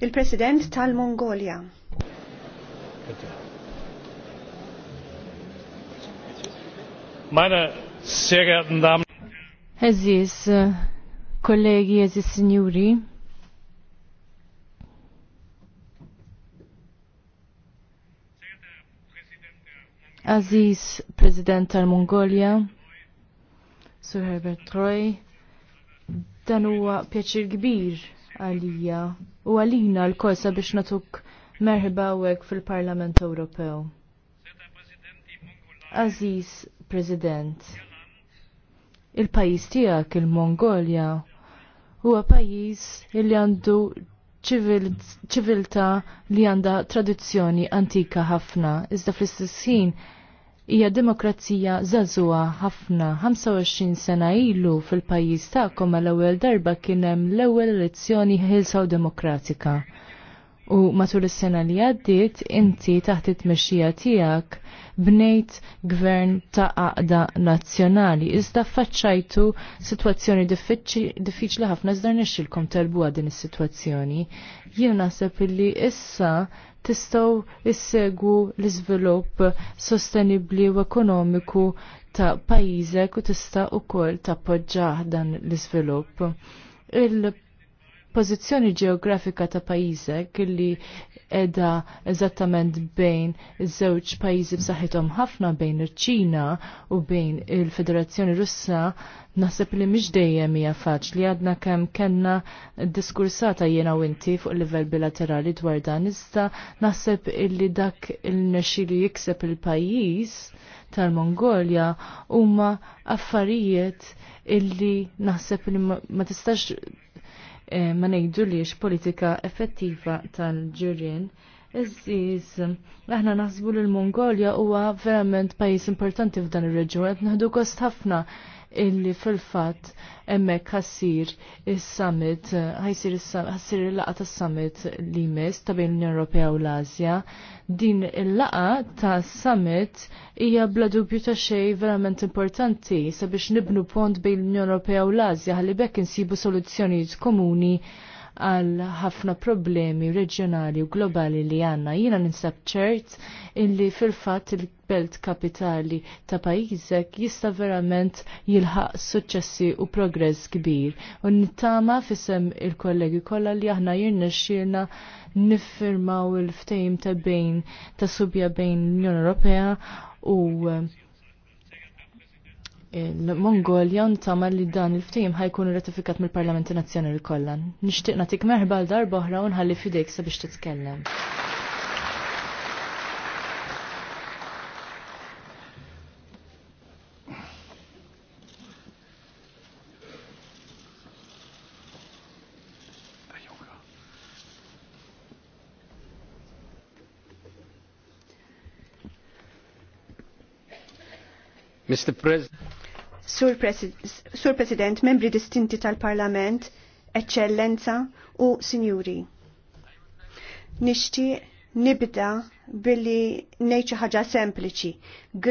il-President tal-Mongolia. Meine sehr geehrten Damen Eżis, uh, kollegi, eżis signori. Aziz, President tal-Mongolia, Sir Herbert Troy, dan huwa pjaċir kbir għalija u għalina l-kosa biex natuk merħba għek fil-Parlament Ewropew. Aziz President, il-pajis tijak, il-Mongolja, huwa pajis li għandu ċivilta li għanda tradizzjoni antika ħafna, iżda fl-istess ħin hija demokrazija zazua ħafna 25 sena ilu fil-pajjiż tagħkom l ewwel darba kien hemm l-ewwel elezzjoni ħilsaw demokratika. U matul is-sena li għaddiet inti taħt it-tmexxija tiegħek bnejt gvern ta' għaqda nazzjonali. Iżda faċċajtu sitwazzjoni diffiċli ħafna iżda nixxilkom telbu din is-sitwazzjoni. Jien naħseb illi issa tistgħu issegwu l-iżvilupp sostenibbli u ekonomiku ta' pajjiżek u tista' ukoll tappoġġjah dan l-iżvilupp il pożizzjoni ġeografika ta' pajjiżek li edha eżattament bejn iż-żewġ pajjiżi b'saħħithom ħafna bejn iċ-Ċina u bejn il-Federazzjoni Russa naħseb li mhix dejjem hija faċli għadna kemm kellna diskursata jiena u inti fuq livell bilaterali dwar dan iżda naħseb illi dak il li jikseb il-pajjiż tal-Mongolja huma affarijiet illi naħseb li ma tistax Eh, ma ngħidu liex politika effettiva tal-ġirien. Iżiz, aħna naħsbu l mongolja huwa verament pajjiż importanti f'dan ir reġun qed naħdu kost ħafna illi fil-fat emme ħassir il-summit, ħassir il-laqa ta' summit li mis ta' bejn l-Unjoni Ewropea u l-Azja. Din il-laqa ta' summit hija bla dubju ta' xej verament importanti sabiex nibnu pont bejn l-Unjoni Ewropea u l-Azja ħalli bekk insibu soluzzjonijiet komuni għal ħafna problemi reġjonali u globali li għanna. Jina ninsab ċert illi fil-fat il-belt kapitali ta' pajizek jista verament jilħaq suċċessi u progress kbir. U nittama fissem il-kollegi kolla li aħna jirna xirna niffirmaw il-ftejm ta' bejn ta' subja bejn l-Unjoni Ewropea u il-Mongolja untama li dan il-ftejim ħajkun ratifikat mill-Parlamenti Nazzjonali kollha. Nixtieq nagħtik merħba l darba oħra u nħalli fidejk sabiex titkellem. Mr. President. Sur, Sur President, membri distinti tal-Parlament, Eccellenza u Signuri. Nishti nibda billi nejċi ħaġa sempliċi.